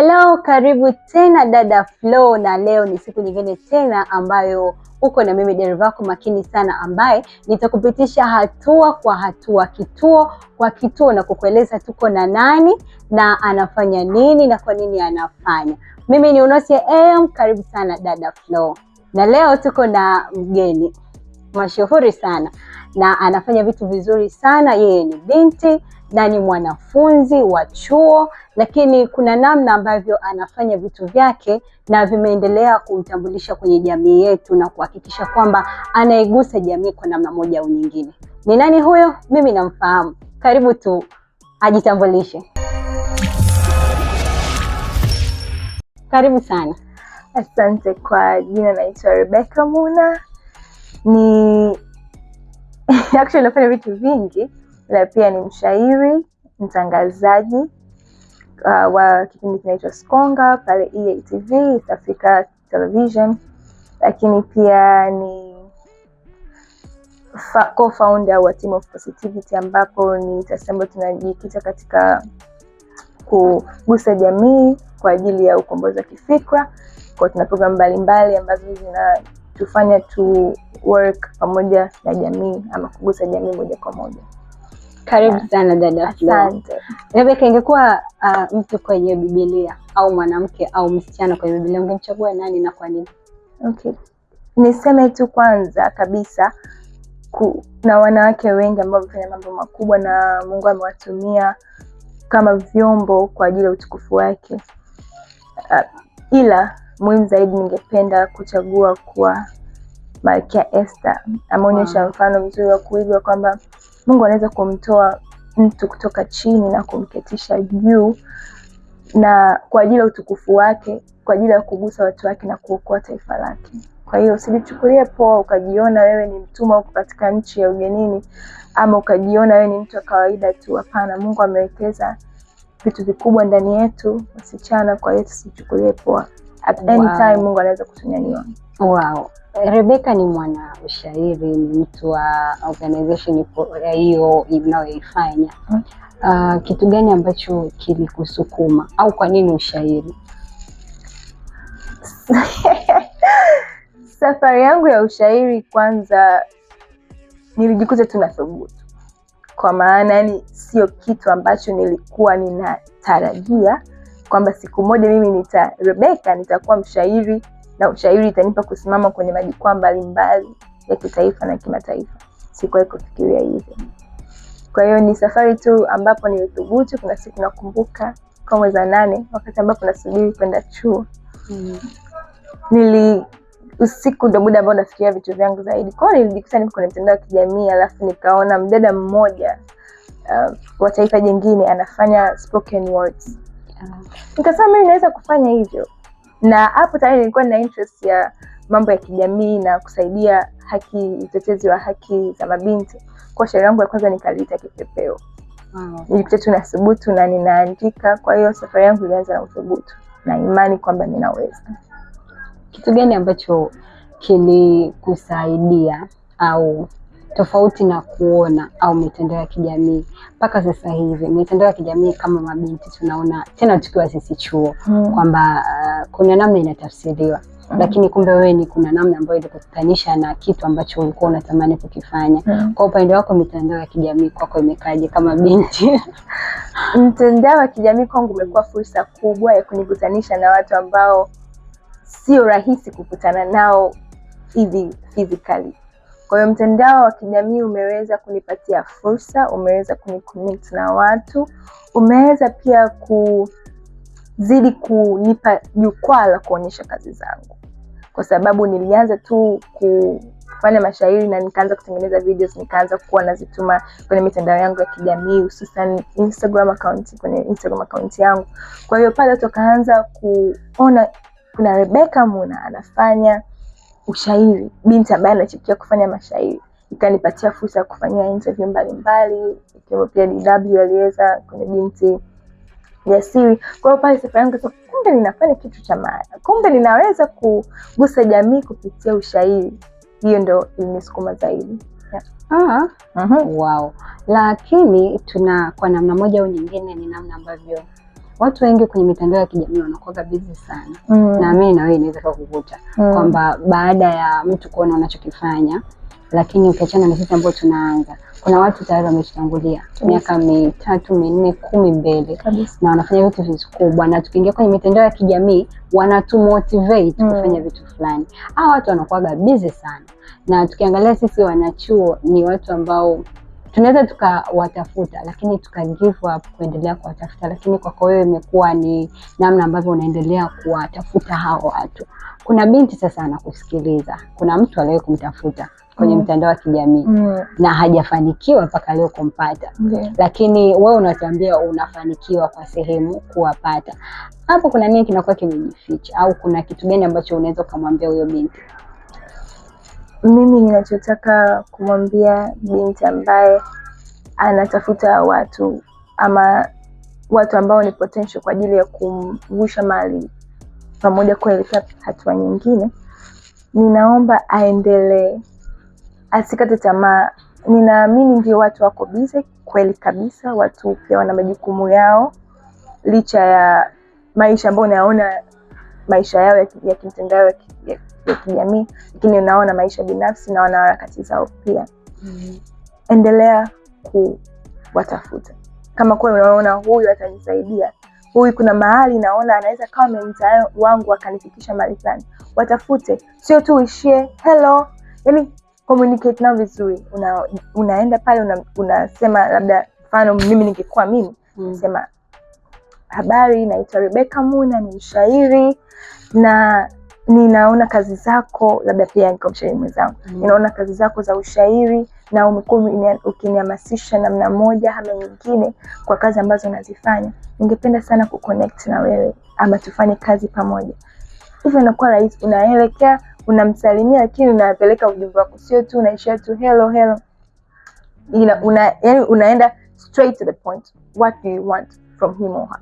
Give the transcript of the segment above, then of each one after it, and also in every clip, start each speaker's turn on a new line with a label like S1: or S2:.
S1: Hello, karibu tena dada Flo, na leo ni siku nyingine tena ambayo uko na mimi dereva wako makini sana, ambaye nitakupitisha hatua kwa hatua, kituo kwa kituo, na kukueleza tuko na nani na anafanya nini na kwa nini anafanya. Mimi ni Unosie AM, karibu sana dada Flo, na leo tuko na mgeni mashuhuri sana na anafanya vitu vizuri sana. Yeye ni binti na ni mwanafunzi wa chuo, lakini kuna namna ambavyo anafanya vitu vyake na vimeendelea kumtambulisha kwenye jamii yetu na kuhakikisha kwamba anaigusa jamii kwa namna moja au nyingine. Ni nani huyo? Mimi namfahamu. Karibu tu ajitambulishe. Karibu sana. Asante. Kwa jina naitwa Rebecca Muna, ni actually nafanya vitu vingi na pia ni mshairi, mtangazaji uh, wa kipindi kinaitwa Skonga pale EATV East Africa Television, lakini pia ni co-founder wa Team of Positivity ambapo ni taasisi tunajikita katika kugusa jamii kwa ajili ya ukombozi wa kifikra. Kwa tuna programu mbalimbali ambazo zinatufanya tu work pamoja na jamii ama kugusa jamii moja kwa moja.
S2: Karibu sana dada
S1: Asante.
S2: Rebeka, ingekuwa uh, mtu kwenye Biblia au mwanamke au msichana kwenye Biblia, ungemchagua nani na kwa nini?
S1: Okay. Niseme tu kwanza kabisa kuna wanawake wengi ambao wamefanya mambo makubwa na Mungu amewatumia kama vyombo kwa ajili ya utukufu wake. Uh, ila muhimu zaidi ningependa kuchagua kuwa Malkia Esther ameonyesha wow, mfano mzuri wa kuigwa kwamba Mungu anaweza kumtoa mtu kutoka chini na kumketisha juu na kwa ajili ya utukufu wake, kwa ajili ya kugusa watu wake na kuokoa taifa lake. Kwa hiyo usijichukulie poa ukajiona wewe ni mtumwa huko katika nchi ya ugenini, ama ukajiona wewe ni mtu wa kawaida tu. Hapana, Mungu amewekeza vitu vikubwa ndani yetu wasichana, kwa hiyo tusichukulie poa. At any time Mungu anaweza kutunyanyua.
S2: Wow rebeka ni mwana ushairi, ni mtu wa organization hiyo inayoifanya. Uh, mm-hmm. ah, kitu gani ambacho kilikusukuma au kwa nini ushairi?
S1: Safari yangu ya ushairi, kwanza nilijikuta tu nathubutu, kwa maana yani sio kitu ambacho nilikuwa ninatarajia kwamba siku moja mimi nita Rebeka nitakuwa mshairi na ushairi itanipa kusimama kwenye majukwaa mbalimbali ya kitaifa na kimataifa. Sikuwahi kufikiria hivyo. Kwa hiyo ni safari tu ambapo nilithubutu. Kuna siku nakumbuka, kwa mwezi wa nane, wakati ambapo nasubiri kwenda chuo mm. nili usiku ndo muda ambao nafikiria vitu vyangu zaidi. Kwao nilijikuta niko kwenye mtandao wa kijamii, alafu nikaona mdada mmoja uh, wa taifa jingine anafanya spoken words, ah. nikasema mimi naweza kufanya hivyo na hapo tayari nilikuwa na interest ya mambo ya kijamii na kusaidia haki, utetezi wa haki za mabinti. Kwa shairi langu ya kwanza nikaliita Kipepeo. mm. Nilikuta tu nathubutu na ninaandika. Kwa hiyo safari yangu ilianza na uthubutu na imani kwamba ninaweza.
S2: Kitu gani ambacho kilikusaidia au tofauti na kuona au mitandao ya kijamii mpaka sasa hivi mitandao ya kijamii kama mabinti tunaona tena tukiwa sisi chuo mm. kwamba uh, kuna namna inatafsiriwa mm. lakini kumbe wewe ni kuna namna ambayo ilikukutanisha na kitu ambacho ulikuwa unatamani kukifanya mm. kwa upande wako mitandao ya kijamii kwako imekaje kama binti
S1: mtandao wa kijamii kwangu umekuwa fursa kubwa ya kunikutanisha na watu ambao sio rahisi kukutana nao hivi physically kwa hiyo mtandao wa kijamii umeweza kunipatia fursa, umeweza kuniconnect na watu, umeweza pia kuzidi kunipa jukwaa la kuonyesha kazi zangu, kwa sababu nilianza tu kufanya mashairi na nikaanza kutengeneza videos, nikaanza kuwa nazituma kwenye mitandao yangu ya kijamii, hususan Instagram account, kwenye Instagram account yangu. Kwa hiyo pale tukaanza kuona kuna Rebeka Muna anafanya ushairi, binti ambaye anachukia kufanya mashairi. Ikanipatia fursa ya kufanyia interview mbalimbali, ikiwemo pia DW aliweza kwenye binti jasiri. Kwa hiyo pale safari yangu kumbe ninafanya kitu cha maana, kumbe ninaweza kugusa jamii kupitia ushairi. Hiyo ndo ilinisukuma zaidi.
S2: Aha. -huh. Mhm. Wow. Lakini tuna kwa namna moja au nyingine, ni namna ambavyo watu wengi kwenye mitandao ya kijamii wanakuwa busy sana mm. Naamini na wewe inaweza kukukuta mm. kwamba baada ya mtu kuona unachokifanya, lakini ukiachana na sisi ambao tunaanza, kuna watu tayari wametutangulia miaka mitatu minne kumi mbele Kabisa. na wanafanya vitu vikubwa, na tukiingia kwenye mitandao ya kijamii wanatumotivate mm. kufanya vitu fulani. Hawa watu wanakuwa busy sana, na tukiangalia sisi wanachuo ni watu ambao tunaweza tukawatafuta lakini tuka give up kuendelea kuwatafuta, lakini kwako wewe imekuwa ni namna ambavyo unaendelea kuwatafuta hao watu. Kuna binti sasa anakusikiliza, kuna mtu aliwee kumtafuta kwenye mm. mtandao wa kijamii mm. na hajafanikiwa mpaka leo kumpata okay. Lakini wewe unatuambia unafanikiwa kwa sehemu kuwapata. Hapo kuna nini kinakuwa kimejificha, au kuna kitu gani ambacho unaweza ukamwambia huyo binti?
S1: Mimi ninachotaka kumwambia binti ambaye anatafuta watu ama watu ambao ni potential kwa ajili ya kumvusha mali pamoja kuelekea hatua nyingine, ninaomba aendelee, asikate tamaa. Ninaamini ndio watu wako bize kweli kabisa, watu pia wana majukumu yao, licha ya maisha ambayo unayaona maisha yao ya kimtandao ya, ya, kijamii, lakini unaona maisha binafsi na wanaharakati zao pia. Mm-hmm. Endelea kuwatafuta kama kuwa unaona huyu atanisaidia, huyu kuna mahali naona anaweza kawa mmentaa wangu akanifikisha mahali fulani, watafute, sio tu uishie hello, yani communicate nao vizuri. Una, unaenda pale unasema una labda mfano mimi ningekuwa mimi mm habari, naitwa Rebecca Muna, ni mshairi na ninaona kazi zako, labda pia niko mshairi mwenzangu mm. Ninaona kazi zako za ushairi na umekuwa ukinihamasisha namna moja ama nyingine kwa kazi ambazo unazifanya. Ningependa sana kuconnect na wewe ama tufanye kazi pamoja, hivyo inakuwa rahisi, unaelekea unamsalimia, lakini unapeleka ujumbe wako, sio tu unaishia tu hello hello, ina una, yani unaenda straight to the point, what do you want from him or her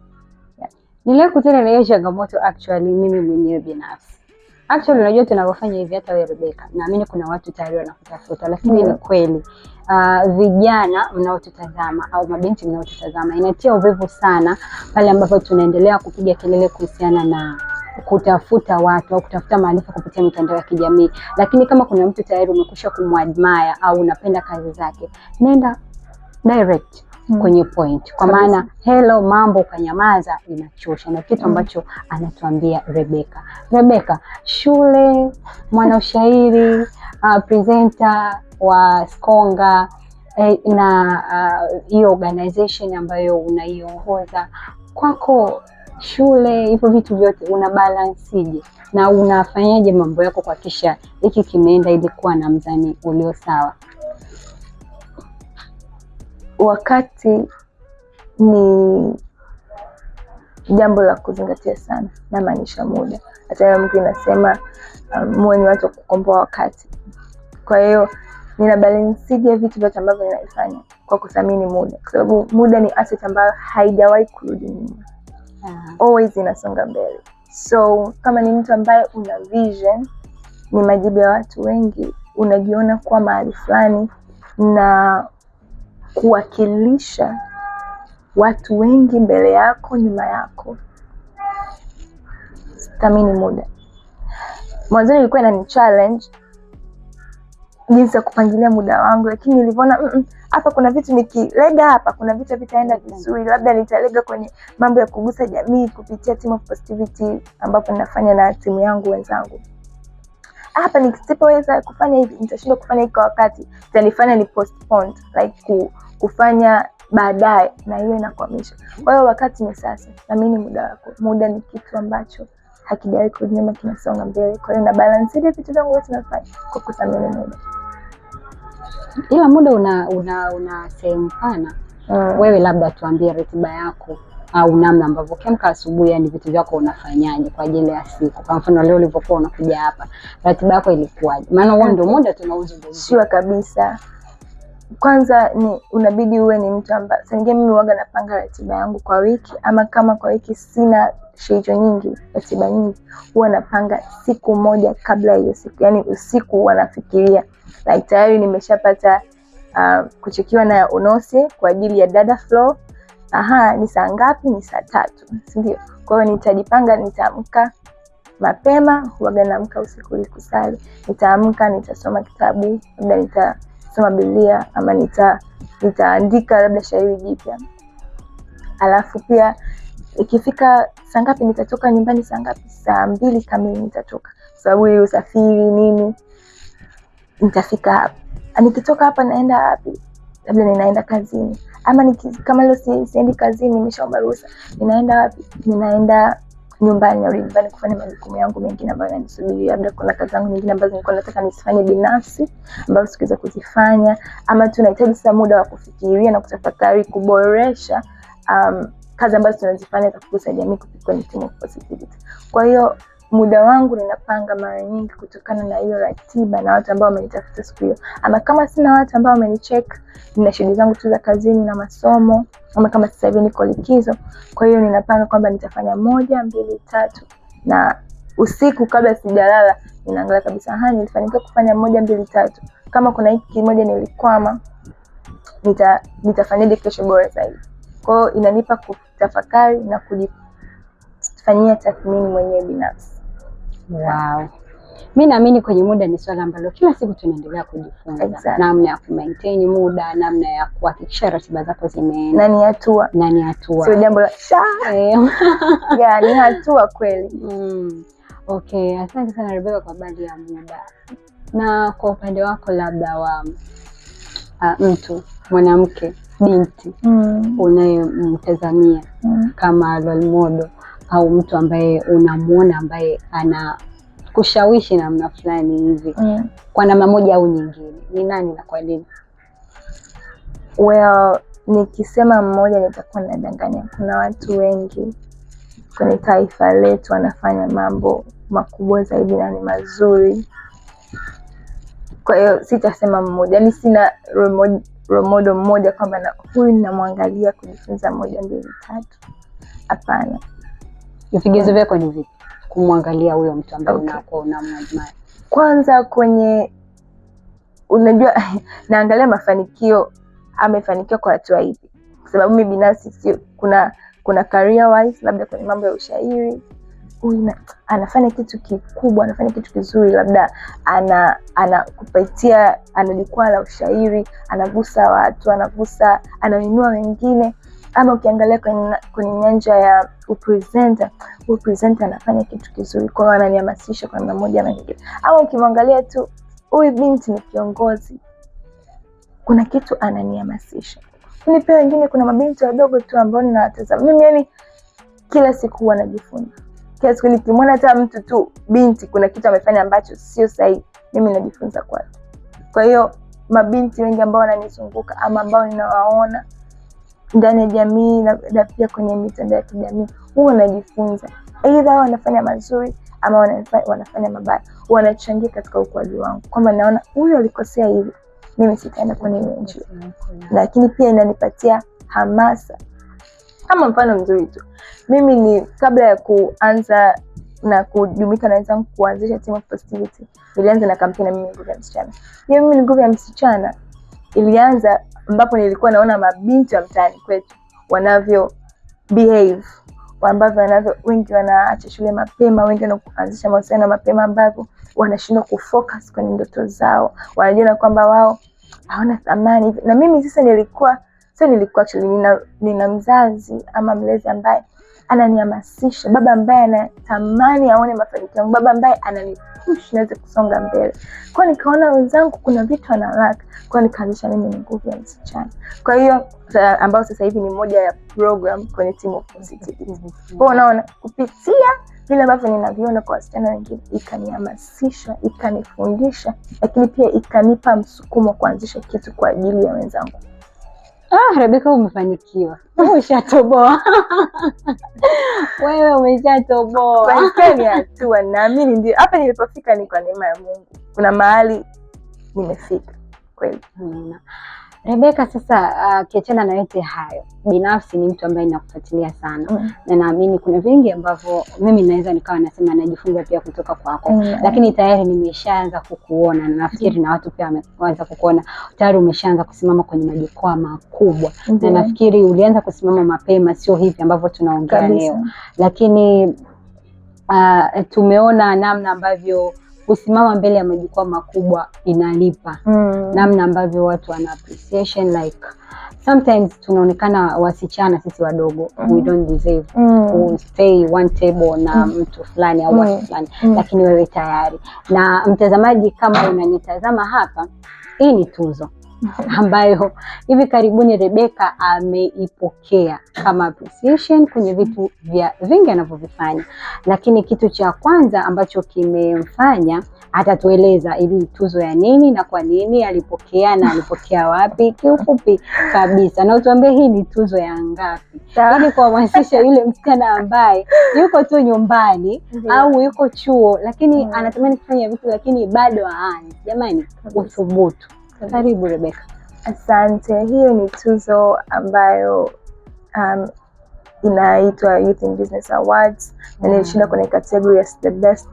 S2: kutana na hiyo changamoto actually mimi mwenyewe binafsi. Actually unajua tunavyofanya hivi hata wewe Rebecca. Naamini kuna watu tayari wanakutafuta lakini mm. ni kweli. Uh, vijana mnaotutazama au mabinti mnaotutazama inatia uvivu sana pale ambapo tunaendelea kupiga kelele kuhusiana na kutafuta watu au kutafuta maarifa kupitia mitandao ya kijamii, lakini kama kuna mtu tayari umekusha kumwadmire au unapenda kazi zake, nenda direct Hmm. kwenye point, kwa maana hello mambo ukanyamaza inachosha, na kitu hmm. ambacho anatuambia Rebeka. Rebeka, shule, ushairi, uh, presenter wa Skonga eh, na uh, hiyo uh, organization ambayo unaiongoza kwako shule hivyo vitu vyote una balansije na unafanyaje mambo yako kuhakikisha hiki kimeenda ili kuwa na mzani ulio sawa?
S1: wakati ni jambo la kuzingatia sana, namaanisha muda. hata mtu inasema um, muwe ni watu wa kukomboa wakati. Kwa hiyo nina balansija vitu vyote ambavyo ninaifanya kwa kuthamini muda, kwa sababu muda ni asset ambayo haijawahi kurudi nyuma, ah. always inasonga mbele. So kama ni mtu ambaye una vision, ni majibu ya watu wengi, unajiona kuwa mahali fulani na kuwakilisha watu wengi mbele yako, nyuma yako. Sitamini muda. Mwanzoni ilikuwa inani challenge jinsi ya kupangilia muda wangu, lakini nilivyoona mm, mm, hapa mm kuna vitu nikilega hapa, kuna vitu vitaenda vizuri, labda nitalega kwenye mambo ya kugusa jamii kupitia Team of Positivity ambapo ninafanya na timu yangu wenzangu hapa nisipoweza kufanya hivi, nitashindwa kufanya hiki kwa wakati, itanifanya ni postpone like ku kufanya baadaye, na hiyo inakwamisha. Kwa hiyo wakati ni sasa, ni muda wako, muda ni kitu ambacho hakijawahi kurudi nyuma, kinasonga mbele. Kwa hiyo na balance ile vitu vyangu vyote nafanya kwa kuthamini muda,
S2: ila muda una una, una sehemu pana mm. Wewe labda tuambie ratiba yako au namna ambavyo ukiamka asubuhi, yani vitu vyako unafanyaje kwa ajili ya siku? Kwa mfano leo ulivyokuwa unakuja hapa, ratiba yako ilikuwaje? Maana huo ndio muda tunauzungumzia
S1: kabisa kwanza ni unabidi uwe ni mtu ambaye saingia, mimi huwaga napanga ratiba yangu kwa wiki, ama kama kwa wiki sina shiicho nyingi, ratiba nyingi, huwa napanga siku moja kabla ya hiyo siku, yaani usiku huwa nafikiria like tayari nimeshapata uh, ah, kuchekiwa na UNOSE kwa ajili ya dada flow. Aha, ni saa ngapi? Ni saa tatu, sindio Kwa hiyo nitajipanga, nitaamka mapema, huwaga naamka usiku ili kusali. Nitaamka, nitasoma kitabu, labda nita nitasoma Biblia ama nita nitaandika labda shairi jipya, alafu pia ikifika saa ngapi nitatoka nyumbani, saa ngapi? Saa mbili kamili nitatoka, kwa sababu hiyo usafiri nini, nitafika hapa. Ah, nikitoka hapa naenda wapi? Labda ninaenda kazini, ama niki, kama leo siendi kazini, nimeshaomba ruhusa, ninaenda wapi? Ninaenda nyumbani, au nyumbani kufanya majukumu yangu mengine ambayo nanisubiri. Labda kuna kazi zangu nyingine ambazo nilikuwa nataka nizifanye binafsi ambazo sikuweza kuzifanya, ama tunahitaji sasa muda wa kufikiria na kutafakari, kuboresha um, kazi ambazo tunazifanya za kusaidia jamii kwenye timu positivity. Kwa hiyo muda wangu ninapanga mara nyingi kutokana na hiyo ratiba na watu ambao wamenitafuta siku hiyo, ama kama sina watu ambao wamenicheck, nina shughuli zangu tu za kazini na masomo, ama kama sasa hivi niko likizo. Kwa hiyo ninapanga kwamba nitafanya moja, mbili, tatu, na usiku kabla sijalala ninaangalia kabisa, ha, nilifanikiwa kufanya moja, mbili, tatu. Kama kuna hiki kimoja nilikwama, nita nitafanyaje kesho bora zaidi. Kwa hiyo inanipa kutafakari na kujifanyia tathmini mwenyewe binafsi.
S2: Wow. Mi naamini kwenye muda ni swala ambalo kila siku tunaendelea kujifunza exactly. Namna ya maintain muda, namna ya kuhakikisha ratiba zako zimeenda,
S1: na ni hatua
S2: na ni hatua,
S1: sio jambo la yeah, ni hatua kweli mm.
S2: Okay, asante sana Rebeka kwa baadhi ya muda. Na kwa upande wako labda wa uh, mtu mwanamke binti mm. unayemtazamia mm. kama role model au mtu ambaye unamwona ambaye ana kushawishi namna fulani hivi mm. kwa namna moja au nyingine, ni nani na kwa nini?
S1: Well, nikisema mmoja nitakuwa nadanganya. Kuna watu wengi kwenye taifa letu wanafanya mambo makubwa zaidi na ni mazuri, kwa hiyo sitasema mmoja, yani sina romodo mmoja kwamba huyu namwangalia kujifunza moja mbili tatu, hapana.
S2: Vigezo vyako ni vipi kumwangalia huyo mtu ambaye okay. unakuwa unamwajimai?
S1: Kwanza kwenye unajua naangalia mafanikio, amefanikiwa kwa hatua ipi? Kwa sababu mi binafsi sio, kuna kuna career wise, labda kwenye mambo ya ushairi huyu anafanya kitu kikubwa, anafanya kitu kizuri, labda ana anakupatia ana jukwaa la ushairi, anagusa watu, anagusa anainua wengine ama ukiangalia kwenye, nyanja ya upresenta, upresenta anafanya kitu kizuri kwao, ananihamasisha kwa namna moja ama nyingine, ama ukimwangalia tu huyu binti ni kiongozi, kuna kitu ananihamasisha. Lakini pia wengine, kuna mabinti wadogo tu ambao ninawatazama mimi, yani kila siku huwa najifunza kila siku nikimwona hata mtu tu binti, kuna kitu amefanya ambacho sio sahihi, mimi najifunza kwake. Kwa hiyo mabinti wengi ambao wananizunguka ama ambao ninawaona ndani ya jamii na pia kwenye mitandao ya kijamii, huwa wanajifunza aidha wanafanya mazuri ama wanafanya, wanafanya mabaya, wanachangia katika ukuaji wangu, kwamba naona huyu alikosea hivi, mimi sitaenda kwenye hiyo njia, lakini pia inanipatia hamasa. Kama mfano mzuri tu, mimi ni kabla ya kuanza na kujumika na wenzangu kuanzisha Team of Positivity, nilianza na kampeni ya mimi ni nguvu ya msichana. Hiyo mimi ni nguvu ya msichana ilianza ambapo nilikuwa naona mabinti wa mtaani kwetu wanavyo behave ambavyo wanavyo, wengi wanaacha shule mapema, wengi wanaanzisha mahusiano mapema, ambavyo wanashindwa kufocus kwenye ndoto zao, wanajiona kwamba wao hawana thamani. Na mimi sasa nilikuwa sio, nilikuwa actually nina, nina mzazi ama mlezi ambaye ananihamasisha, baba ambaye anatamani aone mafanikio yangu, baba ambaye ananipush naweze kusonga mbele. Kwa nikaona wenzangu kuna vitu analaka, kwa nikaanzisha mimi ni nguvu ya msichana. Kwa hiyo ambayo sasa hivi ni moja ya program kwenye Team of Positivity. Kwa unaona kupitia vile ambavyo ninaviona kwa wasichana wengine, ikanihamasisha, ikanifundisha, lakini pia ikanipa msukumo kuanzisha kitu kwa ajili ya wenzangu.
S2: Ah, Rebeka umefanikiwa. Umeshatoboa. Wewe umeshatoboa.
S1: Hatua naamini ndio. Hapa nilipofika ni kwa neema ya Mungu. Kuna mahali nimefika kweli.
S2: Rebeka, sasa uh, kiachana na yote hayo, binafsi ni mtu ambaye ninakufuatilia sana mm. na naamini kuna vingi ambavyo mimi naweza nikawa nasema najifunza pia kutoka kwako mm. lakini tayari nimeshaanza kukuona na nafikiri mm. na watu pia wameanza kukuona tayari, umeshaanza kusimama kwenye majukwaa makubwa mm. na nafikiri ulianza kusimama mapema, sio hivi ambavyo tunaongea leo, lakini uh, tumeona namna ambavyo kusimama mbele ya majukwaa makubwa inalipa mm. namna ambavyo watu wana appreciation like sometimes tunaonekana wasichana sisi wadogo mm. we don't deserve mm. to stay one table na mm. mtu fulani au watu mm. fulani mm. lakini wewe tayari na mtazamaji kama unanitazama hapa hii ni tuzo ambayo hivi karibuni Rebeka ameipokea kama appreciation kwenye vitu vya vingi anavyovifanya, lakini kitu cha kwanza ambacho kimemfanya atatueleza ili tuzo ya nini na kwa nini alipokea na alipokea wapi, kiufupi kabisa, na utuambie hii ni tuzo ya ngapi, yaani kuhamasisha yule msichana ambaye yuko tu nyumbani au yuko chuo, lakini mm. anatamani kufanya vitu lakini bado haani. Jamani, uthubutu karibu Rebecca.
S1: Asante. Hiyo ni tuzo ambayo um, inaitwa Youth in Business Awards mm. na nilishinda mm. kwenye category ya the best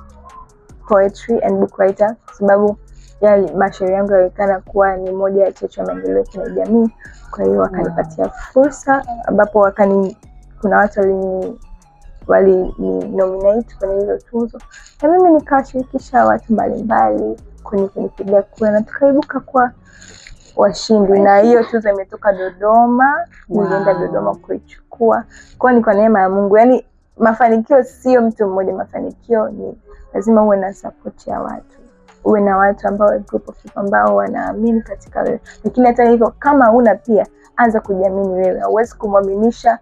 S1: poetry and book writer kwa sababu ya mashairi yangu yalionekana kuwa ni moja ya chachu ya maendeleo kwenye jamii. Kwa hiyo wakanipatia mm. fursa ambapo wakani, kuna watu walini nominate kwenye hizo tuzo, na mimi nikawashirikisha watu mbalimbali kwenye kunipiga kura na tukaibuka kwa washindi, na hiyo tuzo imetoka Dodoma. Nilienda wow. Dodoma kuichukua, kwa ni kwa neema ya Mungu. yani mafanikio sio mtu mmoja, mafanikio ni lazima uwe na sapoti ya watu uwe na watu ambao group of people ambao wanaamini katika wewe. Lakini hata hivyo, kama una pia, anza kujiamini wewe. Hauwezi kumwaminisha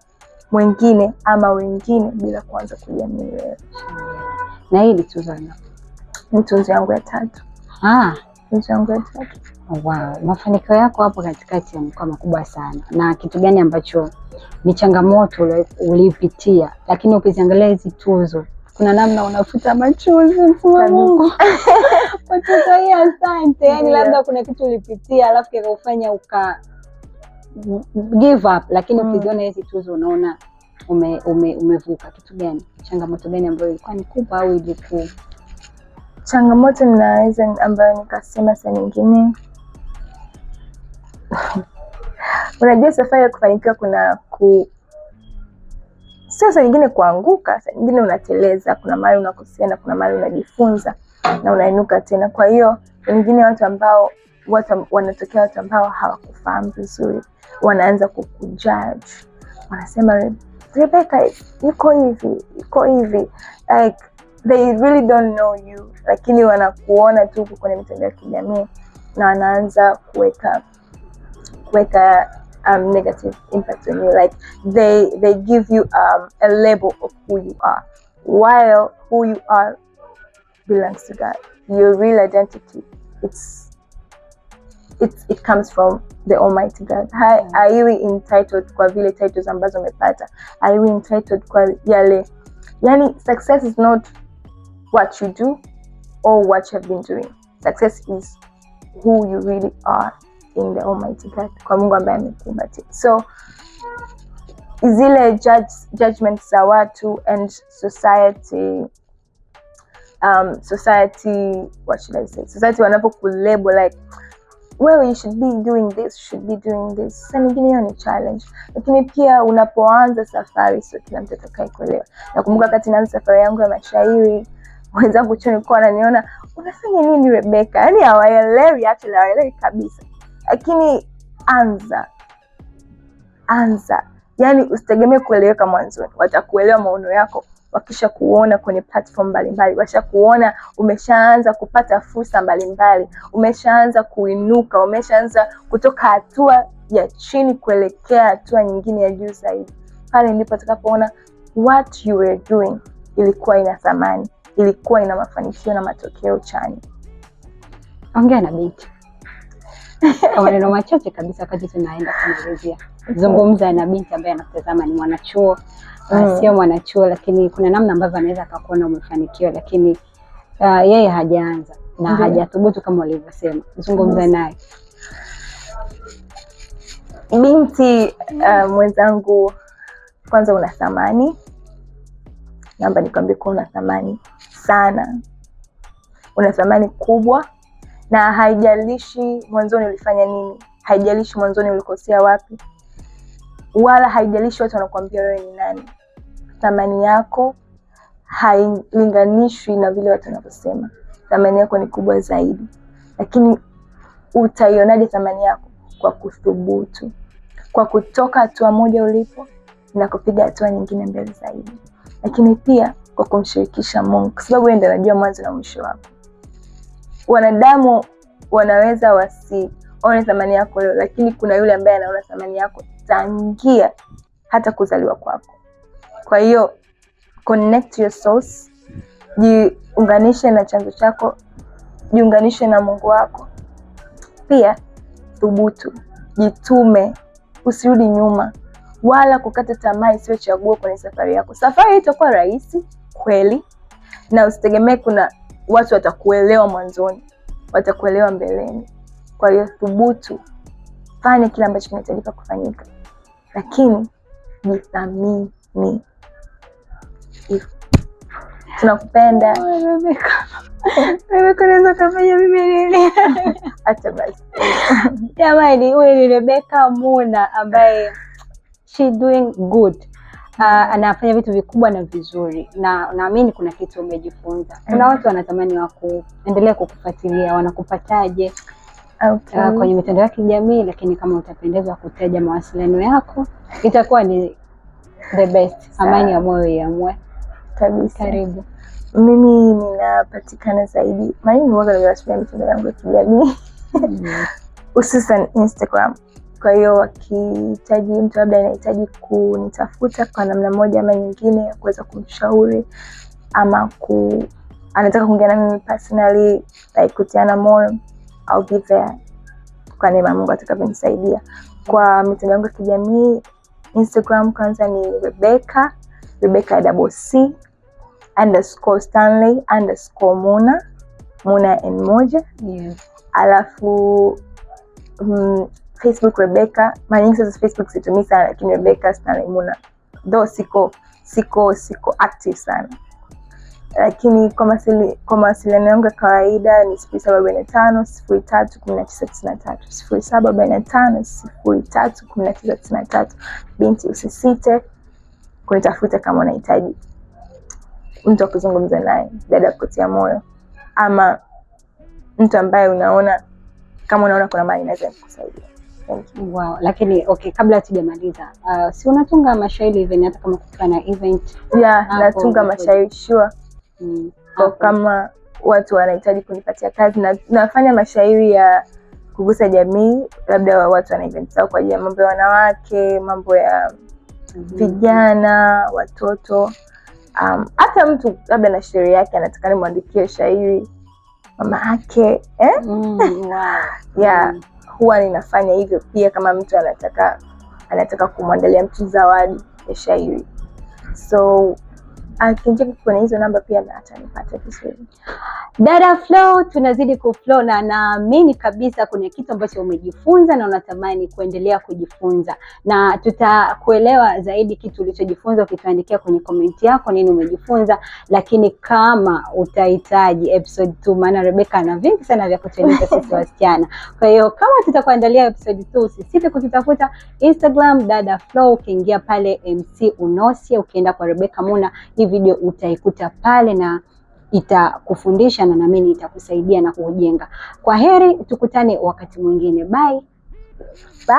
S1: mwingine ama wengine bila kuanza kujiamini wewe. Na hii ni tuzo yangu ya tatu.
S2: Ah, wow. Mafanikio yako hapo katikati yamekuwa makubwa sana, na kitu gani ambacho ni changamoto uliipitia, lakini ukiziangalia hizi tuzo kuna namna unafuta machozi Mungu watoto hii asante. Yani labda kuna kitu ulipitia alafu kikakufanya uka give up, lakini mm. ukiziona hizi tuzo unaona ume, ume, umevuka. Kitu gani, changamoto gani ambayo ilikuwa ni kubwa au ilikuwa
S1: Changamoto ninaweza ambayo nikasema saa nyingine unajua safari ya kufanikiwa kuna ku sio saa nyingine kuanguka, saa nyingine unateleza, kuna mali unakosea na kuna mali unajifunza na unainuka tena. Kwa hiyo wengine watu ambao watu, wanatokea watu ambao hawakufahamu vizuri, wanaanza kukujudge, wanasema Rebecca yuko hivi yuko hivi like they really don't know you, lakini wanakuona tu huko kwenye mitandao ya kijamii na wanaanza kuweka kuweka um, negative impact on you like they they give you um, a label of who you are while who you are belongs to God. Your real identity it's it, it comes from the almighty God. Haiwi mm. entitled kwa vile titles ambazo umepata. Haiwi entitled kwa yale. Yani success is not what you do or what you have been doing. Success is who you really are in the Almighty God, kwa Mungu ambaye amekukumbatia. So zile judge, judgment za watu and society um, society what should I say society wanapokulabel like well you should be doing this should be doing this. Saa nyingine hiyo ni challenge, lakini pia unapoanza safari, sio kila mtu atakaye Nakumbuka wakati naanza safari yangu ya mashairi wenzangu chuo nilikuwa wananiona unafanya nini Rebeka, yaani hawaelewi, actually hawaelewi kabisa. Lakini anza anza, yani usitegemee kueleweka mwanzoni, watakuelewa maono yako wakisha kuona kwenye platform mbalimbali, wakisha kuona umeshaanza kupata fursa mbalimbali, umeshaanza kuinuka, umeshaanza kutoka hatua ya chini kuelekea hatua nyingine ya juu zaidi, pale ndipo atakapoona what you were doing ilikuwa ina thamani ilikuwa ina mafanikio na matokeo chanya.
S2: Ongea na binti kwa maneno machache kabisa, wakati tunaenda kumalizia, zungumza na binti ambaye anatazama, ni mwanachuo ah, mm. sio mwanachuo, lakini kuna namna ambavyo anaweza akakuona umefanikiwa, lakini uh, yeye hajaanza na mm -hmm. hajathubutu kama walivyosema, zungumza mm. naye
S1: binti. Uh, mwenzangu, kwanza una thamani, naomba nikwambie kuwa una thamani sana, una thamani kubwa, na haijalishi mwanzoni ulifanya nini, haijalishi mwanzoni ulikosea wapi, wala haijalishi watu wanakuambia wewe ni nani. Thamani yako hailinganishwi na vile watu wanavyosema. Thamani yako ni kubwa zaidi, lakini utaionaje thamani yako? Kwa kuthubutu, kwa kutoka hatua moja ulipo na kupiga hatua nyingine mbele zaidi. Lakini pia kwa kumshirikisha Mungu, kwa sababu yeye ndiye anajua mwanzo na mwisho wako. Wanadamu wanaweza wasione thamani yako leo, lakini kuna yule ambaye anaona thamani yako tangia hata kuzaliwa kwako. Kwa hiyo connect your source, jiunganishe na chanzo chako, jiunganishe na Mungu wako. Pia thubutu, jitume, usirudi nyuma wala kukata tamaa isiwe chaguo kwenye safari yako. Safari itakuwa rahisi ukweli, na usitegemee kuna watu watakuelewa mwanzoni, watakuelewa mbeleni. Kwa hiyo thubutu, fanye kile ambacho kinahitajika kufanyika, lakini jithamini. Tunakupenda
S2: oh, Rebeka, kafanya mimi nini? Hata basi jamani, huyu ni Rebeka Muna ambaye she doing good uh, anafanya vitu vikubwa na vizuri, na naamini kuna kitu umejifunza. Kuna watu wanatamani wakuendelea kukufuatilia, wanakupataje? Uh, okay. Uh, kwenye mitandao ya kijamii lakini kama utapendezwa kutaja mawasiliano yako itakuwa ni the best. Amani ya moyo iamue
S1: kabisa. Karibu. Mimi ninapatikana zaidi maini waga nawasimia mitandao yangu ya kijamii mm. hususan Instagram kwa hiyo wakihitaji mtu labda anahitaji kunitafuta kwa namna moja ama nyingine ya kuweza kumshauri ama ku, anataka kuongea na mimi personally like kutiana moyo au give kwa neema ya Mungu atakavyonisaidia. Kwa mitandao yangu ya kijamii Instagram kwanza ni Rebecca Rebecca double C underscore Stanley underscore Muna Mona n moja yeah. Alafu mm, Facebook Rebecca. Mara nyingi sasa Facebook situmii sana, lakini Rebecca Stanlaimuna though siko siko siko active sana, lakini kwa mawasiliano kwa yangu ya kawaida ni sifuri saba arobaini na tano sifuri tatu kumi na tisa tisini na tatu sifuri saba arobaini na tano sifuri tatu kumi na tisa tisini na tatu. Binti, usisite kunitafuta kama unahitaji mtu wa kuzungumza naye, dada kutia moyo, ama mtu ambaye unaona kama unaona kuna mali inaweza kusaidia
S2: Wow, lakini okay, kabla hatujamaliza uh, si unatunga mashairi even hata kama kukiwa na event?
S1: Yeah, natunga mashairi sure. Mm. So, kama watu wanahitaji kunipatia kazi na, nafanya mashairi ya kugusa jamii, labda wa watu wana event zao kwa ajili ya mambo ya wanawake, mambo ya mm-hmm. vijana, watoto um, hata um, mtu labda na shairi yake anatakana nimwandikie shairi mama yake eh? mm, wow. yeah. mm huwa ninafanya hivyo pia, kama mtu anataka anataka kumwandalia mtu zawadi ya shairi, so akiingia kwenye hizo namba pia na atanipata vizuri.
S2: Dada Flo, tunazidi kuflo na naamini kabisa kuna kitu ambacho umejifunza na unatamani kuendelea kujifunza, na tutakuelewa zaidi kitu ulichojifunza ukituandikia kwenye komenti yako nini umejifunza. Lakini kama utahitaji episode 2, maana Rebeka ana vingi sana vya kutueleza sisi wasichana. Kwa hiyo kama tutakuandalia episode 2, usisite kututafuta Instagram dada Flo, ukiingia pale MC Unosie, ukienda kwa Rebeka Muna, hii video utaikuta pale na itakufundisha na naamini itakusaidia na kujenga. Kwa heri, tukutane wakati mwingine. Bye. Bye.